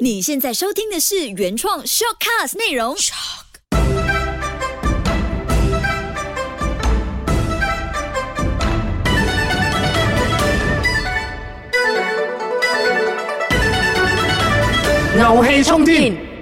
你現在收聽的是原創 shortcast 內容。牛氣沖天。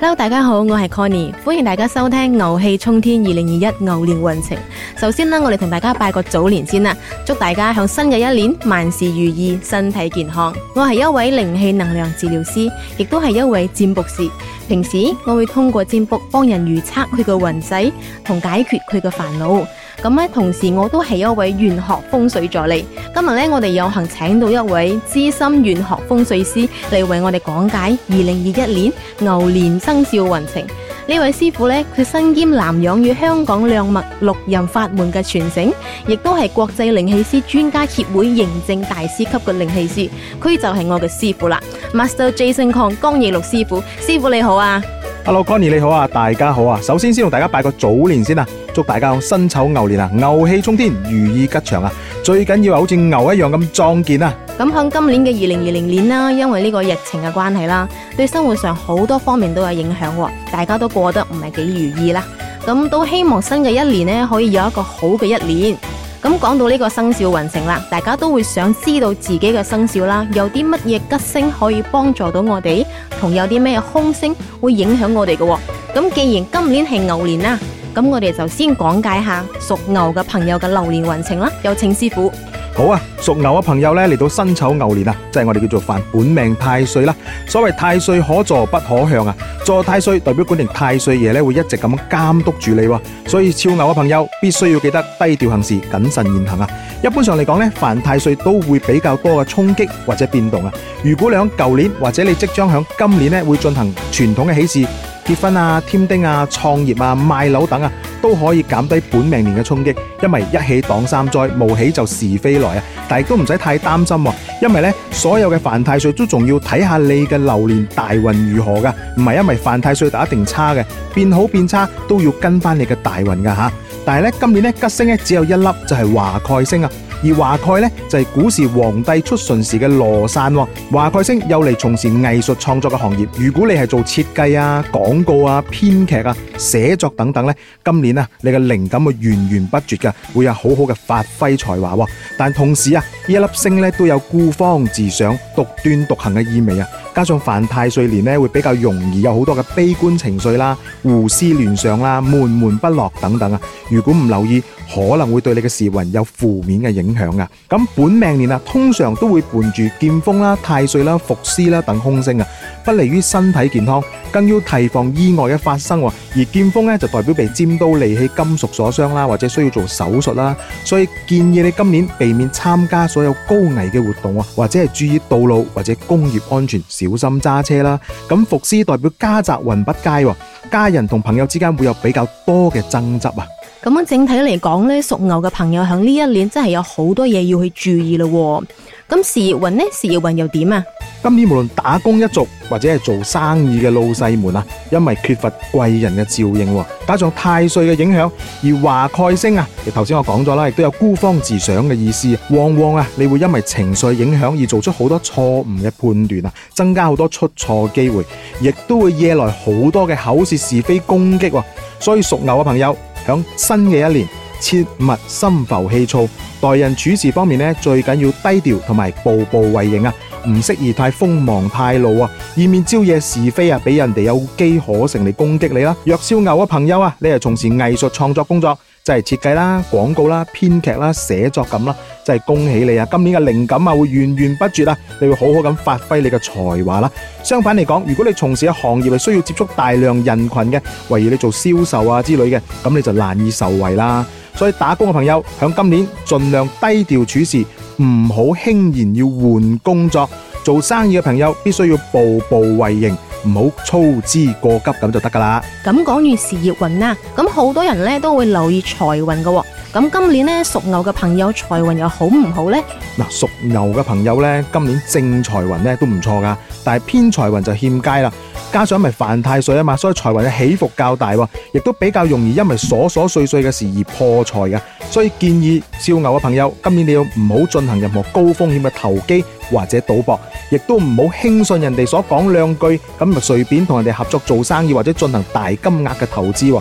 Hello，大家好，我係 Cony，歡迎大家收聽牛氣沖天二零二一牛年運程。首先呢，我哋同大家拜個早年先啦，祝大家響新嘅一年萬事如意，身體健康。我係一位靈氣能量治療師，亦都係一位占卜師。平時我會通過占卜幫人預測佢嘅運勢同解決佢嘅煩惱，咁咧同時我都係一位玄學風水助理。今日咧我哋有幸請到一位資深玄學風水師嚟為我哋講解二零二一年牛年生肖運程。呢位師傅呢，佢身兼南洋與香港亮脈六壬法門嘅傳承，亦都係國際靈氣師專家協會認證大師級嘅靈氣師，佢就係我嘅師傅啦，Master Jason Kong 江奕龍師傅，師傅你好啊！Hello Connie，你好啊，大家好啊，首先先同大家拜個早年先啊，祝大家辛丑牛年啊，牛氣沖天，如意吉祥啊，最緊要好似牛一樣咁壯健啊！咁響今年嘅二零二零年啦，因為呢個疫情嘅關係啦，對生活上好多方面都有影響，大家都過得唔係幾如意啦，咁都希望新嘅一年呢，可以有一個好嘅一年。咁講到呢個生肖運程啦，大家都會想知道自己嘅生肖啦，有啲乜嘢吉星可以幫助到我哋，同有啲咩凶星會影響我哋嘅。咁既然今年係牛年啦，咁我哋就先講解下屬牛嘅朋友嘅流年運程啦。有請師傅。好啊，屬牛嘅朋友咧嚟到辛丑牛年啊，即係我哋叫做犯本命太歲啦。所謂太歲可坐不可向啊，坐太歲代表管領太歲爺咧會一直咁監督住你，所以超牛嘅朋友必須要記得低調行事、謹慎言行啊。一般上嚟講呢，犯太歲都會比較多嘅衝擊或者變動啊。如果你響舊年或者你即將響今年呢，會進行傳統嘅喜事、結婚啊、添丁啊、創業啊、賣樓等啊。都可以減低本命年嘅衝擊，因為一起擋三災，無喜就是非來啊！但係都唔使太擔心，因為呢所有嘅犯太歲都仲要睇下你嘅流年大運如何噶，唔係因為犯太歲就一定差嘅，變好變差都要跟翻你嘅大運噶吓。但係咧今年吉星只有一粒，啊，就係華蓋星而華蓋咧就係、是、古時皇帝出巡時嘅羅傘，華蓋星又嚟從事藝術創作嘅行業。如果你係做設計啊、廣告啊、編劇啊、寫作、啊、作等等咧，今年啊，你嘅靈感會源源不絕㗎，會有好好嘅發揮才華喎。但同時啊，一呢一粒星咧都有孤芳自賞、獨斷獨行嘅意味啊。加上犯太歲年咧，會比較容易有好多嘅悲觀情緒啦、胡思亂想啦、悶悶不樂等等啊。如果唔留意，可能會對你嘅時運有負面嘅影響㗎。咁本命年啊，通常都會伴住劍鋒啦、太歲啦、伏屍啦等凶星啊，不利於身體健康，更要提防意外嘅發生。而劍鋒咧就代表被尖刀利器、金屬所傷啦，或者需要做手術啦。所以建議你今年避免參加所有高危嘅活動啊，或者係注意道路或者工業安全，小心揸車啦。咁伏屍代表家宅運不佳，家人同朋友之間會有比較多嘅爭執啊。咁樣整體嚟講咧，屬牛嘅朋友喺呢一年真係有好多嘢要去注意咯。咁事業運呢，事業運又點啊？今年無論打工一族或者係做生意嘅老細們啊，因為缺乏貴人嘅照應，加上太歲嘅影響，而華蓋星啊，亦頭先我講咗啦，亦都有孤芳自賞嘅意思，往往啊你會因為情緒影響而做出好多錯誤嘅判斷啊，增加好多出錯嘅機會，亦都會惹來好多嘅口舌是,是非攻擊。所以屬牛嘅朋友。響新嘅一年，切勿心浮氣躁。待人處事方面呢，最緊要低調同埋步步為營啊，唔適宜太鋒芒太露啊，以免招惹是非啊，俾人哋有機可乘嚟攻擊你啦。若肖牛啊，朋友啊，你係從事藝術創作工作。即係設計啦、廣告啦、編劇啦、寫作咁啦，即係恭喜你啊！今年嘅靈感啊會源源不絕啊！你會好好咁發揮你嘅才華啦。相反嚟講，如果你從事嘅行業係需要接觸大量人群嘅，例如你做銷售啊之類嘅，咁你就難以受惠啦。所以打工嘅朋友響今年盡量低調處事，唔好輕言要換工作。做生意嘅朋友必須要步步為營。唔好操之過急咁就得㗎喇。咁講完事業運啦，咁好多人呢都會留意財運㗎喎。咁今年咧屬牛嘅朋友財運又好唔好呢？嗱，屬牛嘅朋友咧，今年正財運咧都唔錯噶，但係偏財運就欠佳啦。加上咪犯太歲啊嘛，所以財運嘅起伏較大，亦都比較容易因為瑣瑣碎碎嘅事而破財嘅。所以建議屬牛嘅朋友，今年你要唔好進行任何高風險嘅投機或者賭博，亦都唔好輕信人哋所講兩句，咁咪隨便同人哋合作做生意或者進行大金額嘅投資。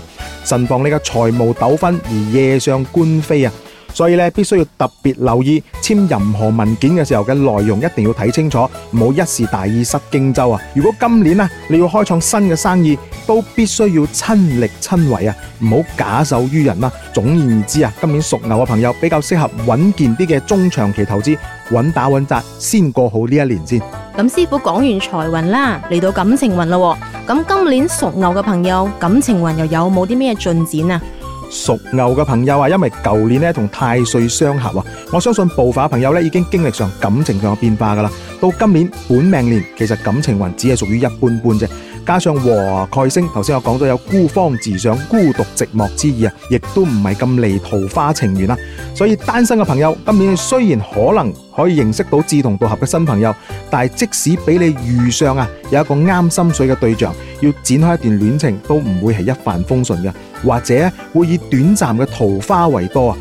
慎防你嘅財務糾紛而夜上官非啊，所以咧必須要特別留意簽任何文件嘅時候嘅內容，一定要睇清楚，唔好一時大意失荊州啊。如果今年啊你要開創新嘅生意，都必須要親力親為啊，唔好假手於人啦。總而言之啊，今年屬牛嘅朋友比較適合穩健啲嘅中長期投資，穩打穩紮先過好呢一年先。咁師傅講完財運啦，嚟到感情運咯。咁今年屬牛嘅朋友感情運又有冇啲咩進展啊？屬牛嘅朋友啊，因為舊年呢同太歲相合啊，我相信部分嘅朋友咧已經經歷上感情上有變化噶啦。到今年本命年，其實感情運只係屬於一般般啫。加上華蓋星，頭先我講咗有孤芳自賞、孤獨寂寞之意啊，亦都唔係咁利桃花情緣啦。所以單身嘅朋友，今年雖然可能可以認識到志同道合嘅新朋友，但即使俾你遇上啊，有一個啱心水嘅對象，要展開一段戀情都唔會係一帆風順嘅，或者會以短暫嘅桃花為多啊。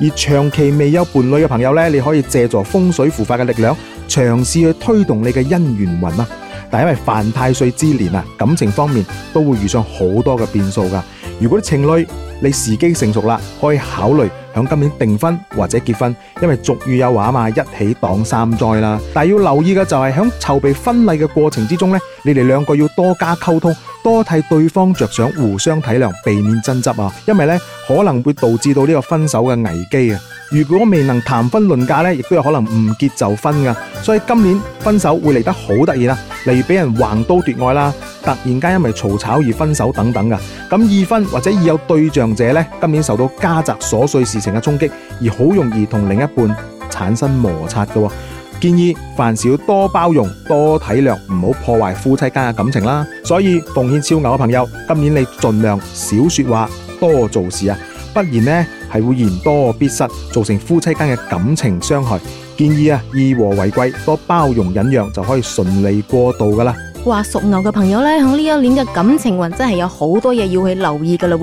而長期未有伴侶嘅朋友咧，你可以借助風水符法嘅力量，嘗試去推動你嘅姻緣運啊。但因為犯太歲之年啊，感情方面都會遇上好多嘅變數噶。如果啲情侶你時機成熟啦，可以考慮響今年訂婚或者結婚，因為俗語有話嘛，一起擋三災啦。但要留意嘅就係響籌備婚禮嘅過程之中咧，你哋兩個要多加溝通，多替對方着想，互相體諒，避免爭執啊！因為咧可能會導致到呢個分手嘅危機啊！如果未能談婚論嫁呢，亦都有可能唔結就分噶，所以今年分手會嚟得好突然啦，例如俾人橫刀奪愛啦，突然間因為嘈吵而分手等等噶。咁已婚或者已有對象者呢，今年受到家宅瑣碎事情嘅衝擊，而好容易同另一半產生摩擦嘅。建議凡事要多包容、多體諒，唔好破壞夫妻間嘅感情啦。所以奉勸超牛的朋友，今年你盡量少說話，多做事啊，不然呢。係會言多必失，造成夫妻間嘅感情傷害。建議啊，以和為貴，多包容忍讓就可以順利過渡噶啦。哇，屬牛嘅朋友呢，響呢一年嘅感情運真係有好多嘢要去留意噶啦。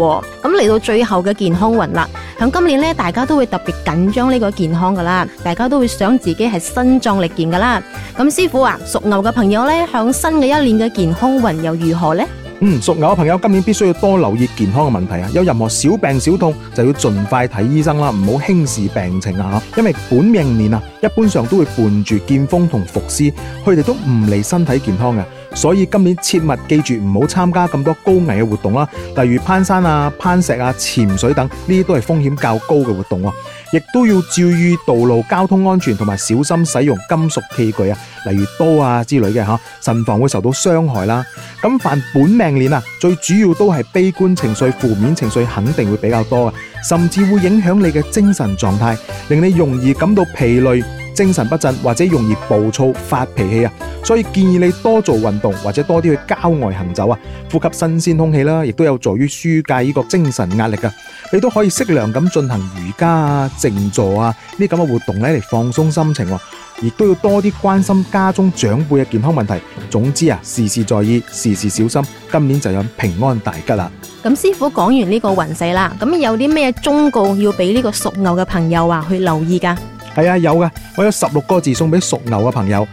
咁嚟到最後嘅健康運啦，響今年呢，大家都會特別緊張呢個健康噶啦，大家都會想自己係身壯力健噶啦。咁師傅啊，屬牛嘅朋友呢，響新嘅一年嘅健康運又如何呢？嗯，屬牛嘅朋友今年必須要多留意健康嘅問題啊！有任何小病小痛就要盡快睇醫生啦，唔好輕視病情啊！因為本命年啊，一般上都會伴住劍鋒同伏屍，佢哋都唔利身體健康嘅，所以今年切勿記住唔好參加咁多高危嘅活動啦，例如攀山啊、攀石啊、潛水等，呢啲都係風險較高嘅活動。亦都要注意道路交通安全同埋小心使用金屬器具啊，例如刀啊之類嘅吓，慎防會受到傷害啦。咁犯本命年啊，最主要都係悲觀情緒、負面情緒肯定會比較多啊，甚至會影響你嘅精神狀態，令你容易感到疲累、精神不振或者容易暴躁發脾氣啊。所以建議你多做運動或者多啲去郊外行走啊，呼吸新鮮空氣啦，亦都有助於舒解呢個精神壓力啊。你都可以適量咁進行瑜伽啊、靜坐啊呢啲咁嘅活動咧嚟放鬆心情，亦都要多啲關心家中長輩嘅健康問題。總之啊，事事在意，事事小心，今年就有平安大吉啦。咁師傅講完呢個運勢啦，咁有啲咩忠告要俾呢個屬牛嘅朋友啊去留意噶？係啊，有噶，我有十六個字送俾屬牛嘅朋友。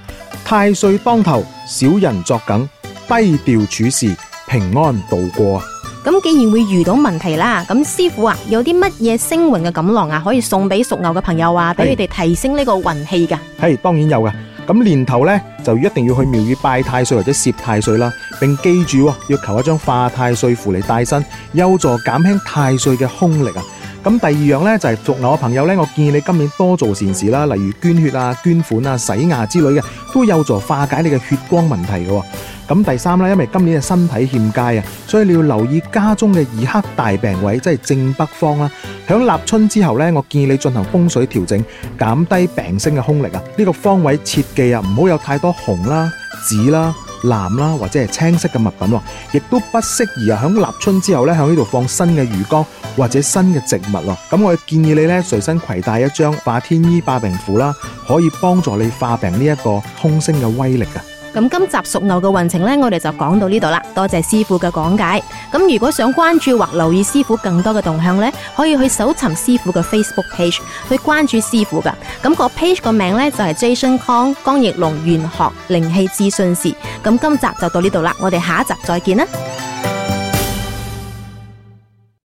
太歲當頭，小人作梗，低調處事，平安度過啊！咁既然會遇到問題啦，咁師傅啊，有啲乜嘢星運嘅錦囊啊，可以送俾屬牛嘅朋友啊，俾佢哋提升呢個運氣噶？係當然有噶，咁年頭咧就一定要去廟宇拜太歲或者攝太歲啦，並記住啊，要求一張化太歲符嚟帶身，有助減輕太歲嘅凶力啊！咁第二樣咧就係屬牛嘅朋友咧，我建議你今年多做善事啦，例如捐血啊、捐款啊、洗牙之類嘅，都有助化解你嘅血光問題嘅，哦。咁第三咧，因為今年嘅身體欠佳啊，所以你要留意家中嘅二黑大病位，即係正北方啦，啊。響立春之後咧，我建議你進行風水調整，減低病星嘅凶力啊。呢，這個方位設計啊，唔好有太多紅啦，啊，紫啦，啊。藍啦、啊，或者係青色嘅物品、啊，亦都不適宜啊！響立春之後咧，響呢度放新嘅魚缸或者新嘅植物咯、啊。咁我建議你呢，隨身攜帶一張化天醫化病符啦、啊，可以幫助你化病呢一個空星嘅威力嘅、啊。咁今集屬牛嘅運程呢，我哋就講到呢度啦。多謝師傅嘅講解。咁如果想關注或留意師傅更多嘅動向呢，可以去搜尋師傅嘅 Facebook page 去關注師傅噶。咁、那個 page 個名咧就係、是、Jason Kong 江奕龍玄學靈氣諮詢師。咁今集就到呢度啦，我哋下一集再見啦。